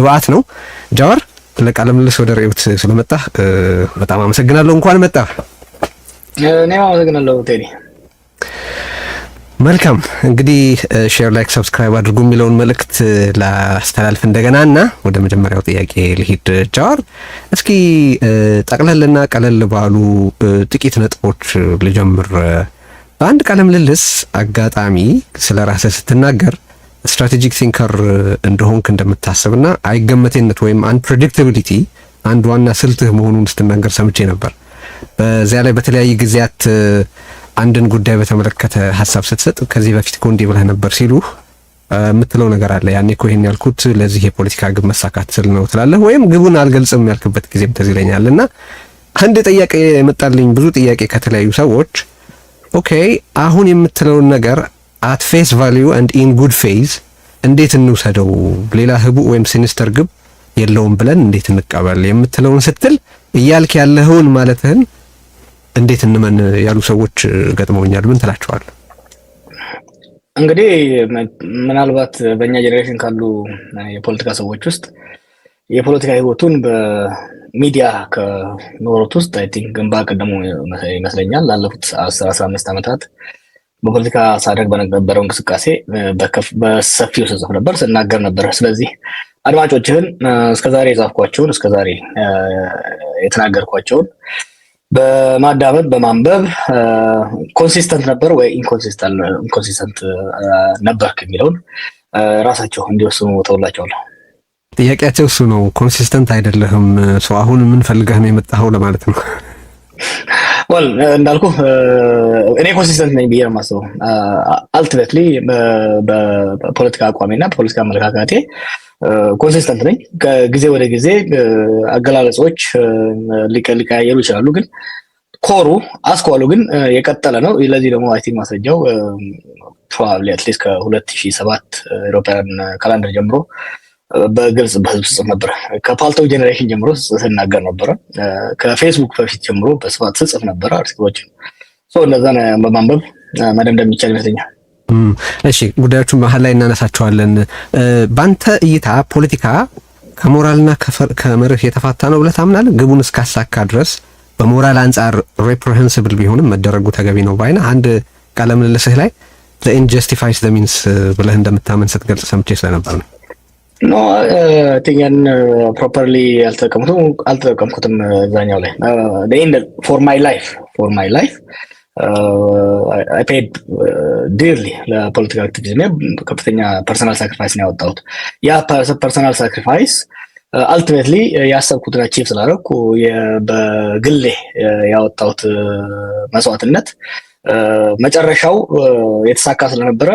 ግብአት ነው። ጃዋር ለቃለ ምልልስ ወደ ርዕዮት ስለመጣ በጣም አመሰግናለሁ። እንኳን መጣ። እኔም አመሰግናለሁ ቴዲ። መልካም እንግዲህ ሼር፣ ላይክ፣ ሰብስክራይብ አድርጉ የሚለውን መልእክት ላስተላልፍ እንደገና እና ወደ መጀመሪያው ጥያቄ ልሂድ። ጃዋር እስኪ ጠቅለልና ቀለል ባሉ ጥቂት ነጥቦች ልጀምር። በአንድ ቃለ ምልልስ አጋጣሚ ስለ ራስህ ስትናገር ስትራቴጂክ ቲንከር እንደሆንክ እንደምታስብና አይገመቴነት ወይም አንፕሬዲክታቢሊቲ አንድ ዋና ስልትህ መሆኑን ስትናገር ሰምቼ ነበር። በዚያ ላይ በተለያየ ጊዜያት አንድን ጉዳይ በተመለከተ ሀሳብ ስትሰጥ ከዚህ በፊት ኮንዴ ብለህ ነበር ሲሉ የምትለው ነገር አለ። ያኔ እኮ ይሄን ያልኩት ለዚህ የፖለቲካ ግብ መሳካት ስል ነው ትላለህ። ወይም ግቡን አልገልጽም ያልክበት ጊዜም ትዝ ይለኛል። እና አንድ ጥያቄ የመጣልኝ ብዙ ጥያቄ ከተለያዩ ሰዎች ኦኬ አሁን የምትለውን ነገር አት ፌስ ቫሊዩ አንድ ኢን ጉድ ፌዝ እንዴት እንውሰደው፣ ሌላ ህቡ ወይም ሲኒስተር ግብ የለውም ብለን እንዴት እንቀበል የምትለውን ስትል እያልክ ያለህውን ማለትህን እንዴት እንመን ያሉ ሰዎች ገጥመውኛል። ምን ትላቸዋለህ? እንግዲህ ምናልባት በእኛ ጀኔሬሽን ካሉ የፖለቲካ ሰዎች ውስጥ የፖለቲካ ህይወቱን በሚዲያ ከኖሮት ውስጥ አይ ቲንክ ግንባር ቀደሙ ይመስለኛል ላለፉት አስር አስራ አምስት ዓመታት በፖለቲካ ሳደግ በነበረው እንቅስቃሴ በሰፊው ስጽፍ ነበር፣ ስናገር ነበር። ስለዚህ አድማጮችህን እስከዛሬ የጻፍኳቸውን እስከዛሬ የተናገርኳቸውን በማዳመጥ በማንበብ ኮንሲስተንት ነበር ወይ ኢንኮንሲስተንት ነበርክ የሚለውን ራሳቸው እንዲወስኑ ተውላቸዋለሁ። ጥያቄያቸው እሱ ነው። ኮንሲስተንት አይደለህም ሰው አሁን ነው የመጣኸው ለማለት ነው። ወል uh, እንዳልኩ uh, እኔ ኮንሲስተንት ነኝ ብዬ ነው የማስበው። አልቲሜትሊ uh, በፖለቲካ አቋሜ እና በፖለቲካ አመለካከቴ ኮንሲስተንት ነኝ። ከጊዜ ወደ ጊዜ አገላለጾች ሊቀያየሩ ይችላሉ፣ ግን ኮሩ አስኳሉ ግን የቀጠለ ነው። ለዚህ ደግሞ አይ ቲንክ ማስረጃው ፕሮባብሊ አትሊስት ከሁለት ሺህ ኢሮፓያን ካላንደር ጀምሮ በግልጽ በህዝብ ስጽፍ ነበረ። ከፓልተው ጄኔሬሽን ጀምሮ ስናገር ነበረ። ከፌስቡክ በፊት ጀምሮ በስፋት ስጽፍ ነበረ አርቲክሎችን። እነዛን በማንበብ መደምደም የሚቻል ይመስለኛል። እሺ፣ ጉዳዮቹን መሀል ላይ እናነሳቸዋለን። በአንተ እይታ ፖለቲካ ከሞራልና ከመርህ የተፋታ ነው ብለህ ታምናለህ? ግቡን እስካሳካ ድረስ በሞራል አንጻር ሬፕሬሄንስብል ቢሆንም መደረጉ ተገቢ ነው ባይና አንድ ቃለ ምልልስህ ላይ ለኢንጀስቲፋይስ ዘሚንስ ብለህ እንደምታመን ስትገልጽ ሰምቼ ስለነበር ነው ኖ ቲንገን ፕሮፐርሊ አልተጠቀምኩትም አልተጠቀምኩትም እዛኛው ላይ ፎር ማይ ላይፍ ፎር ማይ ላይፍ አይ ፔድ ዲርሊ አክቲቪዝም ከፍተኛ ፐርሰናል ሳክሪፋይስ ነው ያወጣሁት። ያ ፐርሰናል ሳክሪፋይስ አልቲሜትሊ ያሰብኩትን አቺቭ ስላደረኩ በግሌ ያወጣሁት መስዋዕትነት መጨረሻው የተሳካ ስለነበረ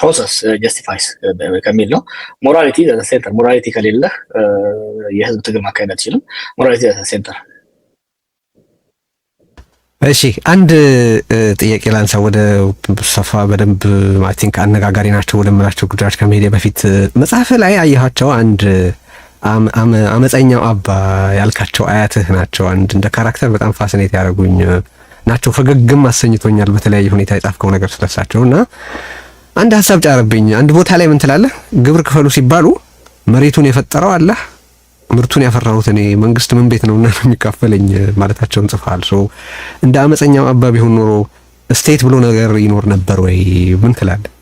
ፕሮሰስ ጀስቲፋይስ ከሚል ነው። ሞራሊቲ ሴንተር ሞራሊቲ ከሌለ የህዝብ ትግል ማካሄድ አትችልም። ሞራሊቲ ሴንተር። እሺ አንድ ጥያቄ ላንሳ። ወደ ሰፋ በደንብ አይ ቲንክ አነጋጋሪ ናቸው ወደምላቸው ጉዳዮች ከመሄድ በፊት መጽሐፍ ላይ አየኋቸው አንድ አመፀኛው አባ ያልካቸው አያትህ ናቸው። አንድ እንደ ካራክተር በጣም ፋሲኔት ያደረጉኝ ናቸው። ፈገግም አሰኝቶኛል በተለያየ ሁኔታ የጻፍከው ነገር ስለሳቸው እና አንድ ሀሳብ ጫረብኝ። አንድ ቦታ ላይ ምን ትላለህ? ግብር ክፈሉ ሲባሉ መሬቱን የፈጠረው አላህ ምርቱን ያፈራሁት እኔ መንግስት ምን ቤት ነውና ነው የሚካፈለኝ ማለታቸውን ጽፈሃል። ሶ እንደ አመፀኛው አባ ቢሆን ኖሮ ስቴት ብሎ ነገር ይኖር ነበር ወይ? ምን ትላለህ?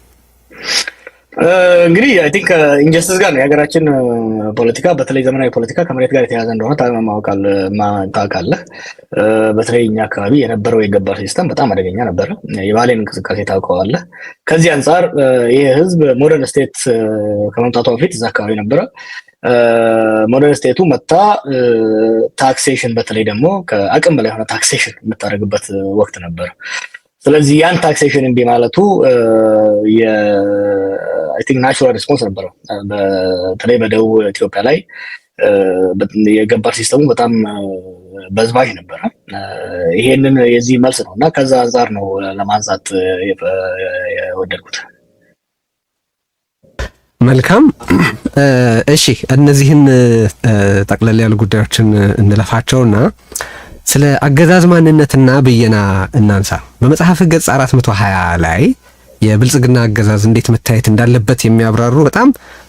እንግዲህ አይ ቲንክ ኢንጀስቲስ ጋር ነው የሀገራችን ፖለቲካ በተለይ ዘመናዊ ፖለቲካ ከመሬት ጋር የተያዘ እንደሆነ ታውቃለህ። በተለይ እኛ አካባቢ የነበረው የገባ ሲስተም በጣም አደገኛ ነበረ። የባሌን እንቅስቃሴ ታውቀዋለህ። ከዚህ አንጻር ይህ ህዝብ ሞደርን ስቴት ከመምጣቷ በፊት እዛ አካባቢ ነበረ። ሞደርን ስቴቱ መታ ታክሴሽን፣ በተለይ ደግሞ ከአቅም በላይ የሆነ ታክሴሽን የምታደርግበት ወቅት ነበር። ስለዚህ ያን ታክሴሽን እምቢ ማለቱ ናቹራል ሪስፖንስ ነበረው። በተለይ በደቡብ ኢትዮጵያ ላይ የገባር ሲስተሙ በጣም በዝባዥ ነበረ። ይሄንን የዚህ መልስ ነው እና ከዛ አንጻር ነው ለማንሳት የወደድኩት። መልካም እሺ፣ እነዚህን ጠቅለል ያሉ ጉዳዮችን እንለፋቸውና ስለ አገዛዝ ማንነትና ብየና እናንሳ። በመጽሐፍ ገጽ 420 ላይ የብልጽግና አገዛዝ እንዴት መታየት እንዳለበት የሚያብራሩ በጣም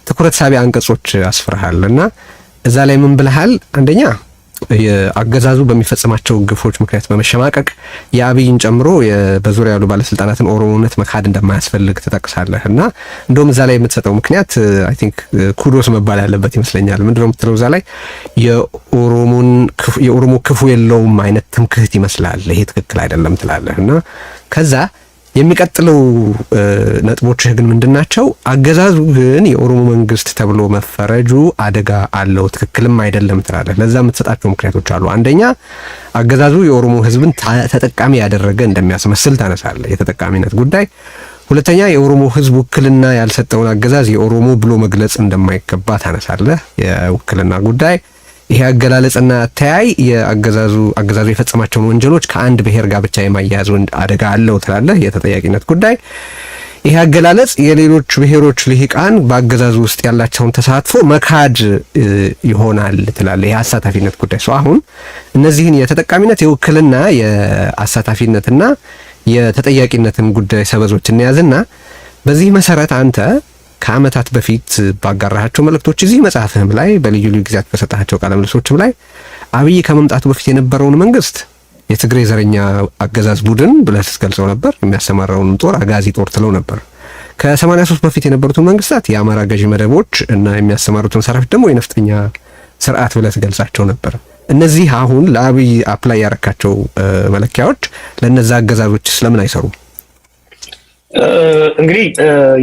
ትኩረት ሳቢ አንቀጾች አስፍርሃል እና እዛ ላይ ምን ብለሃል? አንደኛ አገዛዙ በሚፈጽማቸው ግፎች ምክንያት በመሸማቀቅ የአብይን ጨምሮ በዙሪያ ያሉ ባለስልጣናትን ኦሮሞነት መካድ እንደማያስፈልግ ትጠቅሳለህ እና እንደውም እዛ ላይ የምትሰጠው ምክንያት አይ ቲንክ ኩዶስ መባል ያለበት ይመስለኛል። ምንድን ነው የምትለው እዛ ላይ የኦሮሞ ክፉ የለውም አይነት ትምክህት ይመስላል። ይሄ ትክክል አይደለም ትላለህ እና ከዛ የሚቀጥለው ነጥቦችህ ግን ምንድን ናቸው? አገዛዙ ግን የኦሮሞ መንግስት ተብሎ መፈረጁ አደጋ አለው፣ ትክክልም አይደለም ትላለህ። ለዛ የምትሰጣቸው ምክንያቶች አሉ። አንደኛ አገዛዙ የኦሮሞ ህዝብን ተጠቃሚ ያደረገ እንደሚያስመስል ታነሳለህ፣ የተጠቃሚነት ጉዳይ። ሁለተኛ የኦሮሞ ህዝብ ውክልና ያልሰጠውን አገዛዝ የኦሮሞ ብሎ መግለጽ እንደማይገባ ታነሳለህ፣ የውክልና ጉዳይ ይሄ አገላለጽና ተያይ የአገዛዙ አገዛዙ የፈጸማቸውን ወንጀሎች ከአንድ ብሔር ጋር ብቻ የማያያዝ አደጋ አለው ትላለህ። የተጠያቂነት ጉዳይ ይሄ አገላለጽ የሌሎች ብሔሮች ልሂቃን በአገዛዙ ውስጥ ያላቸውን ተሳትፎ መካድ ይሆናል ትላለህ። የአሳታፊነት ጉዳይ ሰው አሁን እነዚህን የተጠቃሚነት የውክልና የአሳታፊነትና የተጠያቂነትን ጉዳይ ሰበዞች እንያዝና በዚህ መሰረት አንተ ከዓመታት በፊት ባጋራሃቸው መልእክቶች እዚህ መጽሐፍህም ላይ በልዩ ልዩ ጊዜያት በሰጣቸው ቃለ ምልሶችም ላይ አብይ ከመምጣቱ በፊት የነበረውን መንግስት የትግሬ ዘረኛ አገዛዝ ቡድን ብለህ ስትገልጸው ነበር። የሚያሰማራውን ጦር አጋዚ ጦር ትለው ነበር። ከ83 በፊት የነበሩትን መንግስታት የአማራ ገዢ መደቦች እና የሚያሰማሩትን ሰራዊት ደግሞ የነፍጠኛ ስርዓት ብለህ ትገልጻቸው ነበር። እነዚህ አሁን ለአብይ አፕላይ ያረካቸው መለኪያዎች ለእነዛ አገዛዞች ስለምን አይሰሩም? እንግዲህ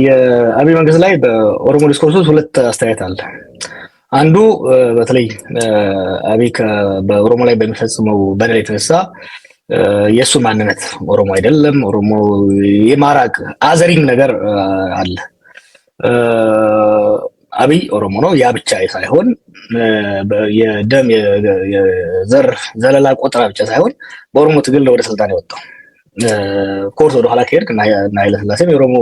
የአብይ መንግስት ላይ በኦሮሞ ዲስኮርስ ውስጥ ሁለት አስተያየት አለ። አንዱ በተለይ አብይ በኦሮሞ ላይ በሚፈጽመው በደል የተነሳ የእሱ ማንነት ኦሮሞ አይደለም ኦሮሞ የማራቅ አዘሪም ነገር አለ። አብይ ኦሮሞ ነው። ያ ብቻ ሳይሆን የደም የዘር ዘለላ ቆጠራ ብቻ ሳይሆን በኦሮሞ ትግል ወደ ስልጣን የወጣው ኮርስ ወደኋላ ከሄድክ እና ኃይለስላሴም የኦሮሞ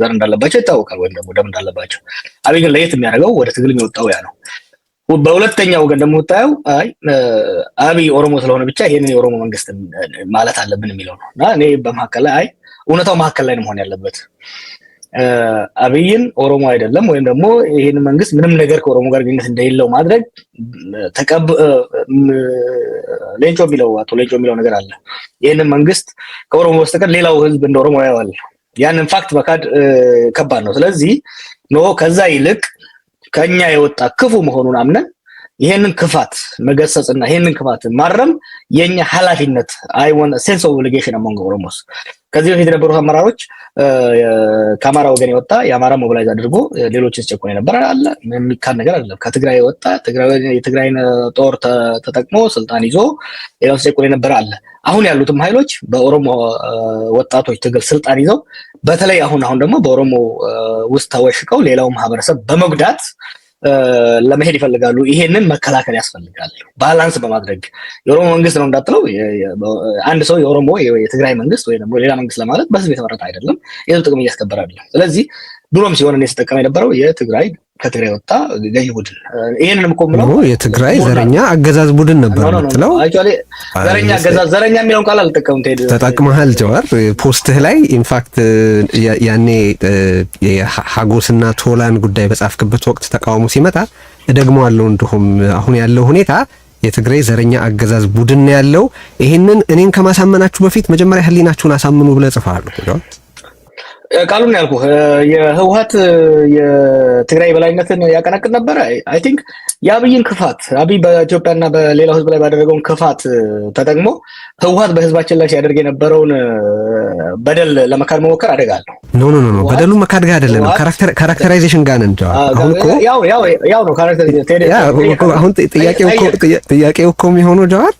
ዘር እንዳለባቸው ይታወቃል፣ ወይም ደግሞ ደም እንዳለባቸው። አብይ ግን ለየት የሚያደርገው ወደ ትግል የሚወጣው ያ ነው። በሁለተኛ ወገን ደግሞ ታየው አይ አብይ ኦሮሞ ስለሆነ ብቻ ይሄንን የኦሮሞ መንግስት ማለት አለብን የሚለው ነው እና እኔ በመካከል ላይ አይ እውነታው መካከል ላይ መሆን ያለበት አብይን ኦሮሞ አይደለም ወይም ደግሞ ይህን መንግስት ምንም ነገር ከኦሮሞ ጋር ግንኙነት እንደሌለው ማድረግ ሌንጮ የሚለው አቶ ሌንጮ የሚለው ነገር አለ። ይህንን መንግስት ከኦሮሞ በስተቀር ሌላው ህዝብ እንደ ኦሮሞ ያየዋል። ያንን ፋክት መካድ ከባድ ነው። ስለዚህ ኖ ከዛ ይልቅ ከኛ የወጣ ክፉ መሆኑን አምነን ይሄንን ክፋት መገሰጽና ይሄንን ክፋት ማረም የኛ ኃላፊነት አይወን ሴንስ ኦፍ ኦብሊጌሽን አሞንግ ኦሮሞስ። ከዚህ በፊት የነበሩት አመራሮች ከአማራ ወገን የወጣ የአማራ ሞቢላይዝ አድርጎ ሌሎችን ሲጨቆን የነበረ አለ። ምንም የሚካድ ነገር አይደለም። ከትግራይ የወጣ የትግራይን ጦር ተጠቅሞ ስልጣን ይዞ ሌላውን ሲጨቆን የነበረ አለ። አሁን ያሉትም ኃይሎች በኦሮሞ ወጣቶች ትግል ስልጣን ይዘው በተለይ አሁን አሁን ደግሞ በኦሮሞ ውስጥ ተወሽቀው ሌላው ማህበረሰብ በመጉዳት ለመሄድ ይፈልጋሉ። ይሄንን መከላከል ያስፈልጋል። ባላንስ በማድረግ የኦሮሞ መንግስት ነው እንዳትለው፣ አንድ ሰው የኦሮሞ የትግራይ መንግስት ወይ ደግሞ ሌላ መንግስት ለማለት በህዝብ የተመረጠ አይደለም። የህዝብ ጥቅም እያስከበረ አይደለም። ስለዚህ ድሮም ሲሆን እኔ ስጠቀም የነበረው የትግራይ ከትግራይ ወጣ ገዢ ቡድን ይህንንም እኮ የምለው የትግራይ ዘረኛ አገዛዝ ቡድን ነበር የምትለው። ዘረኛ አገዛዝ ዘረኛ የሚለውን ቃል አልጠቀምም። ሄድ ተጠቅመሃል ጀዋር ፖስትህ ላይ ኢንፋክት ያኔ ሀጎስና ቶላን ጉዳይ በጻፍክበት ወቅት ተቃውሞ ሲመጣ ደግሞ አለው እንዲሁም አሁን ያለው ሁኔታ የትግራይ ዘረኛ አገዛዝ ቡድን ያለው ይህንን እኔን ከማሳመናችሁ በፊት መጀመሪያ ህሊናችሁን አሳምኑ ብለህ ጽፈሃል። ቃሉን ያልኩ የህወሀት የትግራይ በላይነትን ያቀነቅን ነበረ። አይ ቲንክ የአብይን ክፋት አብይ በኢትዮጵያና በሌላው ህዝብ ላይ ባደረገውን ክፋት ተጠቅሞ ህወሀት በህዝባችን ላይ ሲያደርግ የነበረውን በደል ለመካድ መሞከር አደጋ አለው። ኖ ኖ ኖ፣ በደሉ መካድ ጋር አይደለም፣ ካራክተራይዜሽን ጋር ነን። ያው ነው። አሁን ጥያቄው እኮ የሚሆነው ጀዋር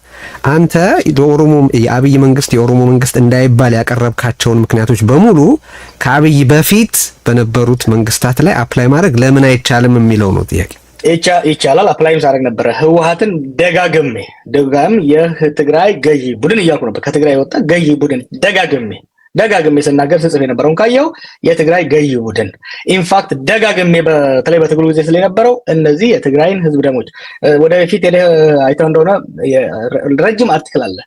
አንተ ለኦሮሞ የአብይ መንግስት የኦሮሞ መንግስት እንዳይባል ያቀረብካቸውን ምክንያቶች በሙሉ ከአብይ በፊት በነበሩት መንግስታት ላይ አፕላይ ማድረግ ለምን አይቻልም የሚለው ነው ጥያቄ። ይቻላል። አፕላይም ሳደርግ ነበረ። ህወሀትን ደጋግሜ ደጋም የትግራይ ገዢ ቡድን እያልኩ ነበር። ከትግራይ የወጣ ገዢ ቡድን ደጋግሜ ደጋግሜ ስናገር ስጽፍ የነበረውን ካየው የትግራይ ገዢ ቡድን ኢንፋክት ደጋግሜ በተለይ በትግሉ ጊዜ ስለነበረው እነዚህ የትግራይን ህዝብ ደሞች ወደፊት አይተው እንደሆነ ረጅም አርቲክል አለ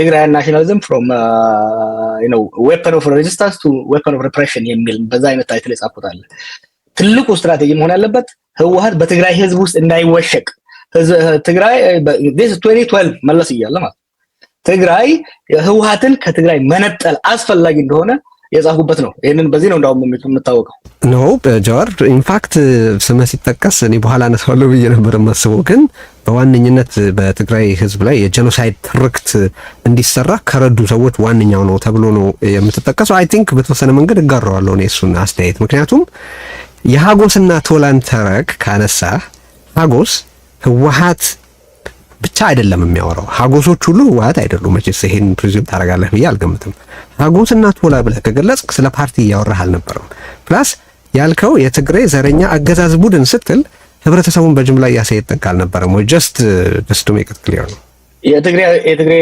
ትግራይ ናሽናሊዝም ፍሮም ዌፐን ኦፍ ሬዚስታንስ ቱ ዌፐን ኦፍ ሪፕሬሽን የሚል በዛ አይነት ታይትል የጻፉት አለ። ትልቁ ስትራቴጂ መሆን ያለበት ህወሀት በትግራይ ህዝብ ውስጥ እንዳይወሸቅ ትግራይ ስ 2012 መለስ እያለ ማለት ትግራይ ህወሀትን ከትግራይ መነጠል አስፈላጊ እንደሆነ የጻፉበት ነው። ይህንን በዚህ ነው እንዳውም የምታወቀው ኖ ጀዋር ኢንፋክት ስመ ሲጠቀስ እኔ በኋላ አነሳዋለሁ ብዬ ነበር የማስበው፣ ግን በዋነኝነት በትግራይ ህዝብ ላይ የጀኖሳይድ ትርክት እንዲሰራ ከረዱ ሰዎች ዋነኛው ነው ተብሎ ነው የምትጠቀሰው። አይ ቲንክ በተወሰነ መንገድ እጋረዋለሁ እኔ እሱን አስተያየት። ምክንያቱም የሀጎስና ቶላን ተረክ ካነሳ ሀጎስ ህወሀት ብቻ አይደለም የሚያወራው። ሀጎሶች ሁሉ ህወሓት አይደሉም። መቼስ ይሄን ፕሪዝም ታደርጋለህ ብዬ አልገምትም። ሀጎስና ቶላ ብለህ ከገለጽክ ስለ ፓርቲ እያወራህ አልነበረም። ፕላስ ያልከው የትግሬ ዘረኛ አገዛዝ ቡድን ስትል ህብረተሰቡን በጅምላ እያሰየጠቅ አልነበረም ወይ? ጀስት ጀስቱ ሜክ ክሊር ነው። የትግሬ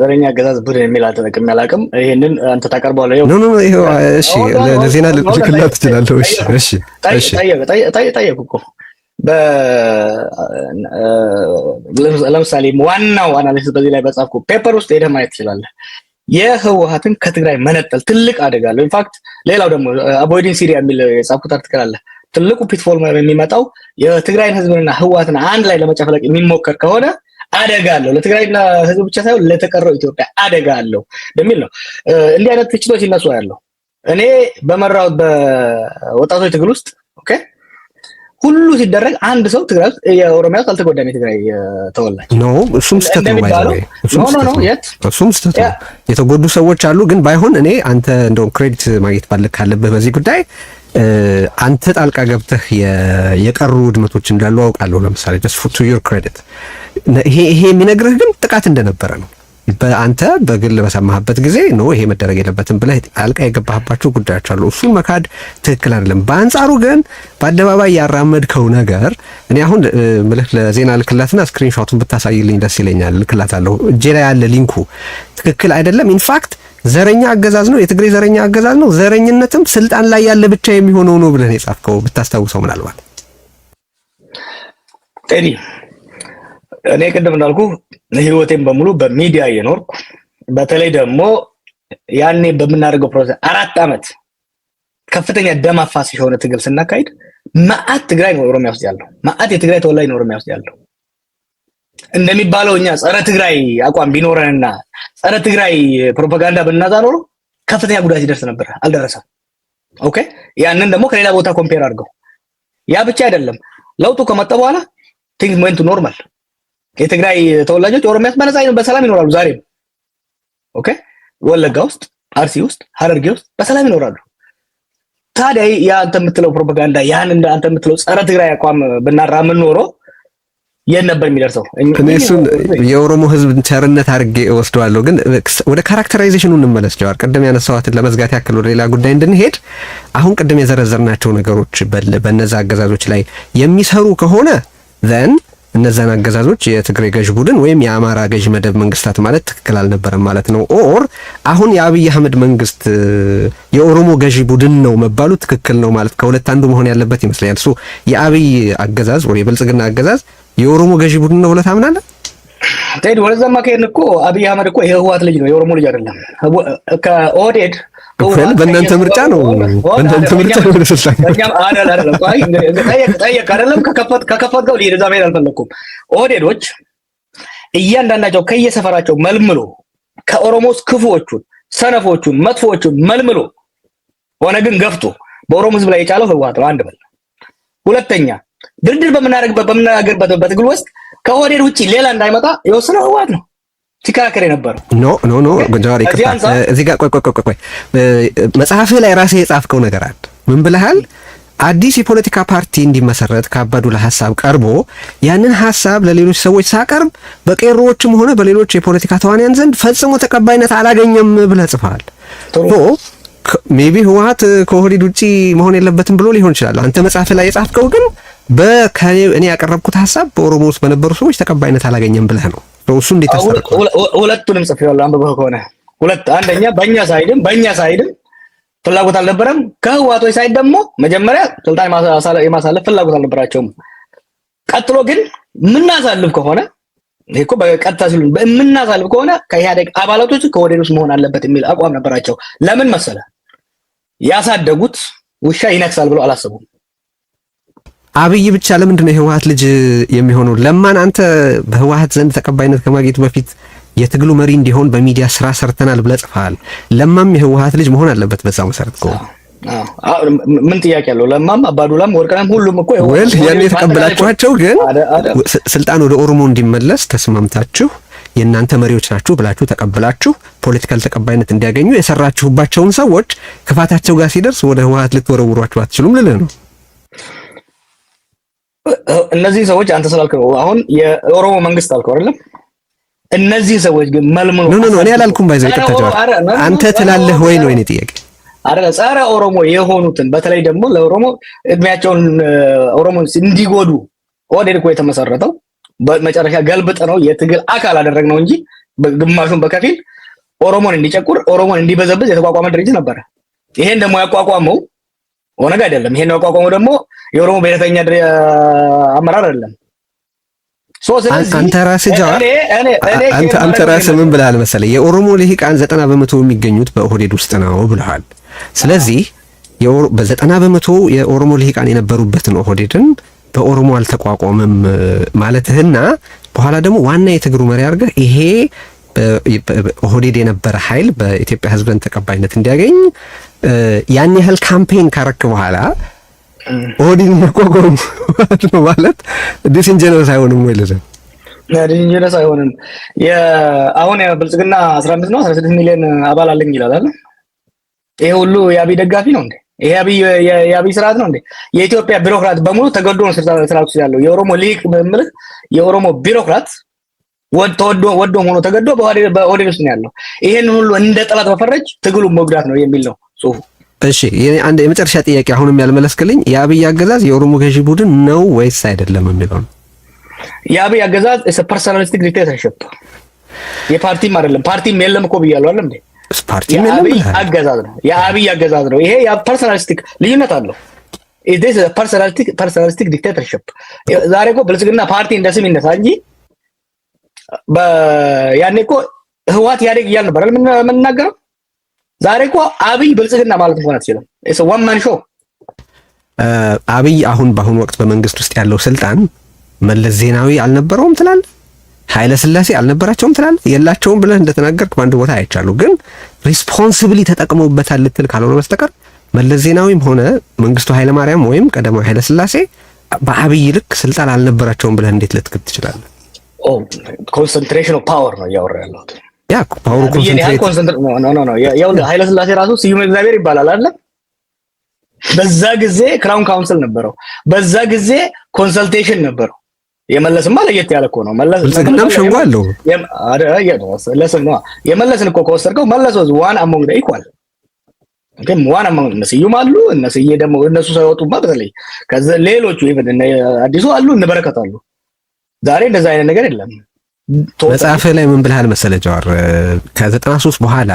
ዘረኛ አገዛዝ ቡድን የሚል አልተጠቅም ያላቅም። ይህንን አንተ ታቀርበዋለህ። ለዜና ልክላት ትችላለህ። ጠየቅ እኮ ለምሳሌ ዋናው አናሊስ በዚህ ላይ በጻፍኩ ፔፐር ውስጥ ሄደህ ማየት ትችላለህ። የህወሀትን ከትግራይ መነጠል ትልቅ አደጋ አለው። ኢንፋክት ሌላው ደግሞ አቮይዲንግ ሲሪያ የሚል የጻፍኩት አርቲክል አለ። ትልቁ ፒትፎል የሚመጣው የትግራይን ህዝብንና ህወሀትን አንድ ላይ ለመጨፍለቅ የሚሞከር ከሆነ አደጋ አለው። ለትግራይና ህዝብ ብቻ ሳይሆን ለተቀረው ኢትዮጵያ አደጋ አለው በሚል ነው እንዲህ አይነት ትችቶች ይነሱ ያለው። እኔ በመራው በወጣቶች ትግል ውስጥ ኦኬ ሁሉ ሲደረግ አንድ ሰው ትግራይ ውስጥ የኦሮሚያ ውስጥ አልተጎዳም። የትግራይ ተወላጅ ኖ እሱም ስተት ነው እሱም ነው። የተጎዱ ሰዎች አሉ። ግን ባይሆን እኔ አንተ እንደውም ክሬዲት ማግኘት ባለ ካለብህ በዚህ ጉዳይ አንተ ጣልቃ ገብተህ የቀሩ ውድመቶች እንዳሉ አውቃለሁ። ለምሳሌ ቱ ዩር ክሬዲት ይሄ የሚነግርህ ግን ጥቃት እንደነበረ ነው በአንተ በግል በሰማህበት ጊዜ ኖ ይሄ መደረግ የለበትም ብለህ ጣልቃ የገባህባቸው ጉዳዮች አሉ። እሱን መካድ ትክክል አይደለም። በአንጻሩ ግን በአደባባይ ያራመድከው ነገር እኔ አሁን ምልክ ለዜና ልክላትና ስክሪንሾቱን ብታሳይልኝ ደስ ይለኛል። ልክላታለሁ። እጄ ላይ ያለ ሊንኩ ትክክል አይደለም። ኢንፋክት ዘረኛ አገዛዝ ነው፣ የትግሬ ዘረኛ አገዛዝ ነው። ዘረኝነትም ስልጣን ላይ ያለ ብቻ የሚሆነው ነው ብለህ የጻፍከው ብታስታውሰው ምናልባት እኔ ቅድም እንዳልኩ ህይወቴን በሙሉ በሚዲያ እየኖርኩ በተለይ ደግሞ ያኔ በምናደርገው ፕሮሰስ አራት ዓመት ከፍተኛ ደም አፋሳሽ የሆነ ትግል ስናካሄድ መዓት ትግራይ ነው ኦሮሚያ ውስጥ ያለው፣ መዓት የትግራይ ተወላጅ ነው ኦሮሚያ ውስጥ ያለው። እንደሚባለው እኛ ጸረ ትግራይ አቋም ቢኖረንና ጸረ ትግራይ ፕሮፓጋንዳ ብናዛ ኖሮ ከፍተኛ ጉዳት ይደርስ ነበር። አልደረሰም። ኦኬ። ያንን ደግሞ ከሌላ ቦታ ኮምፔር አድርገው። ያ ብቻ አይደለም፣ ለውጡ ከመጣ በኋላ ቲንግስ ወንት ኖርማል የትግራይ ተወላጆች ኦሮሚያ ውስጥ በነፃ በሰላም ይኖራሉ። ዛሬም ኦኬ፣ ወለጋ ውስጥ፣ አርሲ ውስጥ፣ ሀረርጌ ውስጥ በሰላም ይኖራሉ። ታዲያ ያ አንተ የምትለው ፕሮፓጋንዳ ያን እንደ አንተ የምትለው ጸረ ትግራይ አቋም ብናራምን ኖሮ የት ነበር የሚደርሰው? እሱን የኦሮሞ ህዝብ ቸርነት አድርጌ ወስደዋለሁ። ግን ወደ ካራክተራይዜሽኑ እንመለስ። ጀዋር፣ ቅድም ያነሳዋትን ለመዝጋት ያክል ወደ ሌላ ጉዳይ እንድንሄድ አሁን ቅድም የዘረዘርናቸው ነገሮች በነዛ አገዛዞች ላይ የሚሰሩ ከሆነ ዘን እነዛን አገዛዞች የትግራይ ገዥ ቡድን ወይም የአማራ ገዥ መደብ መንግስታት ማለት ትክክል አልነበረም ማለት ነው። ኦር አሁን የአብይ አህመድ መንግስት የኦሮሞ ገዥ ቡድን ነው መባሉ ትክክል ነው ማለት ከሁለት አንዱ መሆን ያለበት ይመስለኛል። እሱ የአብይ አገዛዝ ወይ የብልጽግና አገዛዝ የኦሮሞ ገዢ ቡድን ነው ብለህ ታምናለህ? ወደዛማ ከሄድን እኮ አብይ አህመድ እኮ የህወሓት ልጅ ነው፣ የኦሮሞ ልጅ አይደለም። ከኦህዴድ ክፍል በእናንተ ምርጫ ነው። በእናንተ ምርጫ ነው። ለስልጣን ከከፈትከው ሊሄድ እዛ መሄድ አልፈለኩም። ኦህዴዶች እያንዳንዳቸው ከየሰፈራቸው መልምሎ ከኦሮሞስ ክፉዎቹን፣ ሰነፎቹን፣ መጥፎዎቹን መልምሎ ሆነ ግን ገፍቶ በኦሮሞ ህዝብ ላይ የጫለው ህወሓት ነው። አንድ በል ሁለተኛ ድርድር በምናደርግበት በምናገርበት በትግል ውስጥ ከኦህዴድ ውጭ ሌላ እንዳይመጣ የወሰነው ህወሓት ነው። ሲከራከር የነበረው ኖ ኖ ኖ ጆዋር ይቅርታል። እዚህ ጋር ቆይ ቆይ ቆይ፣ መጽሐፍህ ላይ ራስህ የጻፍከው ነገር አለ። ምን ብለሃል? አዲስ የፖለቲካ ፓርቲ እንዲመሰረት ከአባዱላ ሀሳብ ቀርቦ ያንን ሀሳብ ለሌሎች ሰዎች ሳቀርብ በቄሮዎችም ሆነ በሌሎች የፖለቲካ ተዋንያን ዘንድ ፈጽሞ ተቀባይነት አላገኘም ብለህ ጽፈሃል። ሜቢ ህወሀት ከኦህዴድ ውጪ መሆን የለበትም ብሎ ሊሆን ይችላል። አንተ መጽሐፍ ላይ የጻፍከው ግን እኔ ያቀረብኩት ሀሳብ በኦሮሞ ውስጥ በነበሩ ሰዎች ተቀባይነት አላገኘም ብለህ ነው። በውሱ እንዴት ታስተካክለው? ሁለቱንም ጽፌዋለሁ አንብበው ከሆነ ሁለት አንደኛ በእኛ ሳይድም በእኛ ሳይድም ፍላጎት አልነበረም። ከህዋቶች ሳይድ ደግሞ መጀመሪያ ስልጣን የማሳለፍ ፍላጎት አልነበራቸውም። ቀጥሎ ግን የምናሳልፍ ከሆነ ይሄ እኮ በቀጥታ ሲሉ የምናሳልፍ ከሆነ ከኢህአዴግ አባላቶች ከወዴዶች መሆን አለበት የሚል አቋም ነበራቸው። ለምን መሰለ ያሳደጉት ውሻ ይነክሳል ብለው አላሰቡም። አብይ ብቻ ለምንድን ነው የህወሀት ልጅ የሚሆነው? ለማን አንተ በህወሀት ዘንድ ተቀባይነት ከማግኘቱ በፊት የትግሉ መሪ እንዲሆን በሚዲያ ስራ ሰርተናል ብለህ ጽፈሃል። ለማም የህወሀት ልጅ መሆን አለበት። በዛ መሰረት ምን ጥያቄ አለው? ለማም አባዱላም ወርቅናም ሁሉም እኮ ወል ያን የተቀበላችኋቸው፣ ግን ስልጣን ወደ ኦሮሞ እንዲመለስ ተስማምታችሁ የእናንተ መሪዎች ናችሁ ብላችሁ ተቀብላችሁ ፖለቲካል ተቀባይነት እንዲያገኙ የሰራችሁባቸውን ሰዎች ክፋታቸው ጋር ሲደርስ ወደ ህወሀት ልትወረውሯቸው አትችሉም ልልህ ነው። እነዚህ ሰዎች አንተ ስላልከው አሁን የኦሮሞ መንግስት አልከው አይደለም። እነዚህ ሰዎች ግን መልምሉ ኖ ኖ እኔ አላልኩም። ባይዘው ይከታቸው አንተ ትላለህ ወይ ነው የኔ ጥያቄ አረ ጸረ ኦሮሞ የሆኑትን በተለይ ደግሞ ለኦሮሞ እድሜያቸውን ኦሮሞ እንዲጎዱ ኦዴድ እኮ የተመሰረተው በመጨረሻ ገልብጥ ነው የትግል አካል አደረግ ነው እንጂ ግማሹን በከፊል ኦሮሞን እንዲጨቁር ኦሮሞን እንዲበዘብዝ የተቋቋመ ድርጅት ነበረ። ይሄን ደግሞ ያቋቋመው ኦነግ አይደለም። ይሄን ያቋቋመው ደግሞ የኦሮሞ ብሔረተኛ አመራር አይደለም። አንተ ራስህ ጃዋር አንተ ራስህ ምን ብለሃል መሰለህ? የኦሮሞ ልሂቃን ዘጠና በመቶ የሚገኙት በኦህዴድ ውስጥ ነው ብለሃል። ስለዚህ በዘጠና በመቶ የኦሮሞ ልሂቃን የነበሩበትን ኦህዴድን በኦሮሞ አልተቋቋመም ማለትህና በኋላ ደግሞ ዋና የትግሩ መሪ አድርገህ ይሄ ኦህዴድ የነበረ ኃይል በኢትዮጵያ ሕዝብ ዘንድ ተቀባይነት እንዲያገኝ ያን ያህል ካምፔን ካረክ በኋላ ኦህዴድ መቋቋም ነው ማለት ዲስንጀነስ አይሆንም ወይ ልዘን ዲስንጀነስ አይሆንም። አሁን ብልጽግና አስራ አምስት ነው አስራ ስድስት ሚሊዮን አባል አለኝ ይላል። ይሄ ሁሉ የአብይ ደጋፊ ነው እንዴ? ይሄ የአብይ ስርዓት ነው እንዴ? የኢትዮጵያ ቢሮክራት በሙሉ ተገዶ ነው ስርዓቱ ያለው። የኦሮሞ ሊቅ ምልክ የኦሮሞ ቢሮክራት ወጥቶ ወዶ ሆኖ ተገዶ በኦህዴድ ውስጥ ነው ያለው። ይሄን ሁሉ እንደ ጠላት መፈረጅ ትግሉ መጉዳት ነው የሚል ነው ጽሁፉ። እሺ አንድ የመጨረሻ ጥያቄ አሁንም ያልመለስክልኝ የአብይ አገዛዝ የኦሮሞ ገዢ ቡድን ነው ወይስ አይደለም የሚለው ነው። የአብይ አገዛዝ ፐርሶናሊስቲክ ዲክቴተርሽፕ የፓርቲም አይደለም ፓርቲም የለም እኮ ብያለሁ አይደል እንዴ? ፓርቲም የለም አገዛዝ ነው የአብይ አገዛዝ ነው። ይሄ ፐርሶናሊስቲክ ልዩነት አለው። ፐርሶናሊስቲክ ዲክቴተርሽፕ ዛሬ እኮ ብልጽግና ፓርቲ እንደ ስም ይነሳ እንጂ ያኔ እኮ ህዋት ያደግ እያል ነበር የምንናገረው። ዛሬ እኮ አብይ ብልጽግና ማለት እንኳን አትችልም። ዋን ማን ሾ አብይ አሁን በአሁኑ ወቅት በመንግስት ውስጥ ያለው ስልጣን መለስ ዜናዊ አልነበረውም ትላል፣ ኃይለ ስላሴ አልነበራቸውም ትላል። የላቸውም ብለህ እንደተናገርክ በአንድ ቦታ አይቻሉ። ግን ሪስፖንስብሊ ተጠቅመውበታል ልትል ካልሆነ በስተቀር መለስ ዜናዊም ሆነ መንግስቱ ኃይለማርያም ወይም ቀደማዊ ኃይለ ስላሴ በአብይ ልክ ስልጣን አልነበራቸውም ብለህ እንዴት ልትክድ ትችላለህ? ኮንሰንትሬሽን ኦፍ ፓወር ነው እያወራ ያለሁት። ያ ፓወር ኮንሰንትሬት ኃይለስላሴ ራሱ ስዩም እግዚአብሔር ይባላል አለ። በዛ ጊዜ ክራውን ካውንስል ነበረው። በዛ ጊዜ ኮንሰልቴሽን ነበረው። የመለስማ ለየት ያለ እኮ ነው። መለስ ሸንጎ አለው። የመለስን እኮ ከወሰድከው መለስ ወዝ ዋን አሞንግ ደ ግን ዋን አሞንግ እነ ስዩም አሉ። እነ ስዬ ደግሞ እነሱ ሳይወጡማ በተለይ ከዚ ሌሎቹ አዲሱ አሉ እንበረከታሉ ዛሬ እንደዛ አይነት ነገር የለም። መጽሐፍ ላይ ምን ብልሃል መሰለ ጀዋር ከዘጠና ሶስት በኋላ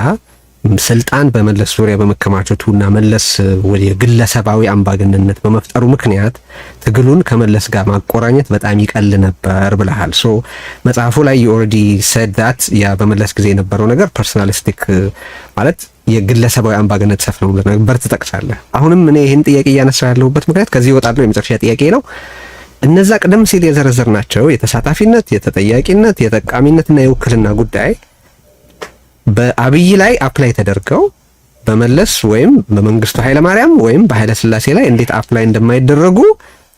ስልጣን በመለስ ዙሪያ በመከማቸቱ እና መለስ ወደ ግለሰባዊ አምባገነንነት በመፍጠሩ ምክንያት ትግሉን ከመለስ ጋር ማቆራኘት በጣም ይቀል ነበር ብለሃል። ሶ መጽሐፉ ላይ ኦልሬዲ ሰድ ዳት ያ በመለስ ጊዜ የነበረው ነገር ፐርሶናሊስቲክ ማለት የግለሰባዊ አምባገነን ሰፍነው ነው ነበር ትጠቅሳለህ። አሁንም እኔ ይህን ጥያቄ እያነሳ ያለሁበት ምክንያት ከዚህ ይወጣለሁ የመጨረሻ ጥያቄ ነው። እነዛ ቀደም ሲል የዘረዘርናቸው የተሳታፊነት፣ የተጠያቂነት፣ የጠቃሚነትና የውክልና ጉዳይ በአብይ ላይ አፕላይ ተደርገው በመለስ ወይም በመንግስቱ ኃይለ ማርያም ወይም በኃይለ ስላሴ ላይ እንዴት አፕላይ እንደማይደረጉ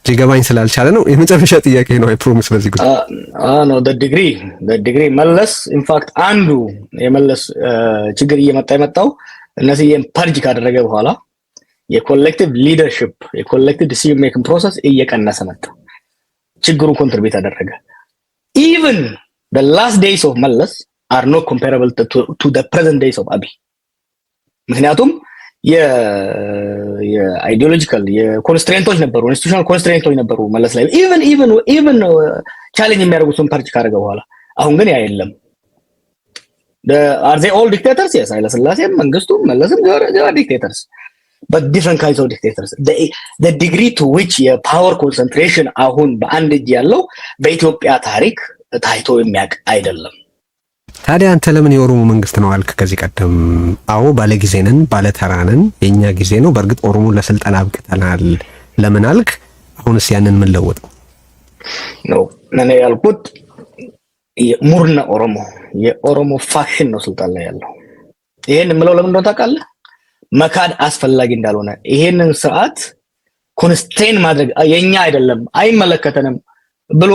ሊገባኝ ስላልቻለ ነው። የመጨረሻ ጥያቄ ነው። አይ ፕሮሚስ በዚህ ጉዳይ ነው። ዲግሪ ዲግሪ መለስ ኢንፋክት አንዱ የመለስ ችግር እየመጣ የመጣው እነዚህ ፐርጅ ካደረገ በኋላ የኮሌክቲቭ ሊደርሽፕ የኮሌክቲቭ ዲሲዥን ሜኪንግ ፕሮሰስ እየቀነሰ መጣ። ችግሩ ኮንትሪቢዩት አደረገ። ኢቭን the last days of መለስ are not comparable to the present days of አብይ ምክንያቱም የአይዲዮሎጂካል የኮንስትሬንቶች ነበሩ፣ ኢንስቲቱሽናል ኮንስትሬንቶች ነበሩ መለስ ላይ ኢቭን ኢቭን ኢቭን ቻሌንጅ የሚያደርጉትን ፐርች ካደረገ በኋላ አሁን ግን ያ የለም። አር ኦል ዲክቴተርስ የስ ኃይለስላሴም መንግስቱም መለስም ዲክቴተርስ but different kinds of dictators the, the የፓወር ኮንሰንትሬሽን አሁን በአንድ እጅ ያለው በኢትዮጵያ ታሪክ ታይቶ የሚያውቅ አይደለም። ታዲያ አንተ ለምን የኦሮሞ መንግስት ነው አልክ? ከዚህ ቀደም አዎ ባለጊዜ ነን፣ ባለተራ ነን፣ የእኛ ጊዜ ነው፣ በእርግጥ ኦሮሞን ለስልጠና አብቅተናል ለምን አልክ? አሁንስ ያንን ምን ለወጠው ነው? እኔ ያልኩት ሙርና ኦሮሞ የኦሮሞ ፋሽን ነው ስልጣን ላይ ያለው። ይህን የምለው ለምን እንደሆነ ታውቃለህ? መካድ አስፈላጊ እንዳልሆነ ይሄንን ስርዓት ኮንስቴን ማድረግ የኛ አይደለም አይመለከተንም ብሎ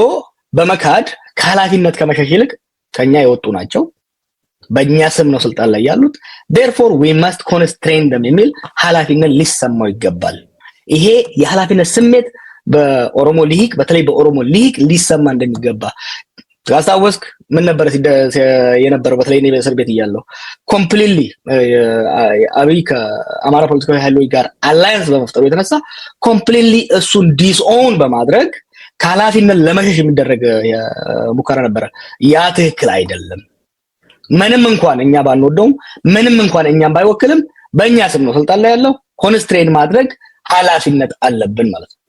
በመካድ ከኃላፊነት ከመሸሽ ይልቅ ከኛ የወጡ ናቸው። በእኛ ስም ነው ስልጣን ላይ ያሉት። ዴርፎር ዊ መስት ኮንስትሬን ደም የሚል ኃላፊነት ሊሰማው ይገባል። ይሄ የኃላፊነት ስሜት በኦሮሞ ልሂቅ በተለይ በኦሮሞ ልሂቅ ሊሰማ እንደሚገባ ካስታወስክ ምን ነበረ የነበረው? በተለይ በእስር ቤት እያለው ኮምፕሊትሊ አብይ ከአማራ ፖለቲካዊ ኃይሎች ጋር አላያንስ በመፍጠሩ የተነሳ ኮምፕሊትሊ እሱን ዲስኦውን በማድረግ ከኃላፊነት ለመሸሽ የሚደረግ ሙከራ ነበረ። ያ ትክክል አይደለም። ምንም እንኳን እኛ ባንወደውም፣ ምንም እንኳን እኛም ባይወክልም፣ በእኛ ስም ነው ስልጣን ላይ ያለው። ኮንስትሬን ማድረግ ኃላፊነት አለብን ማለት ነው።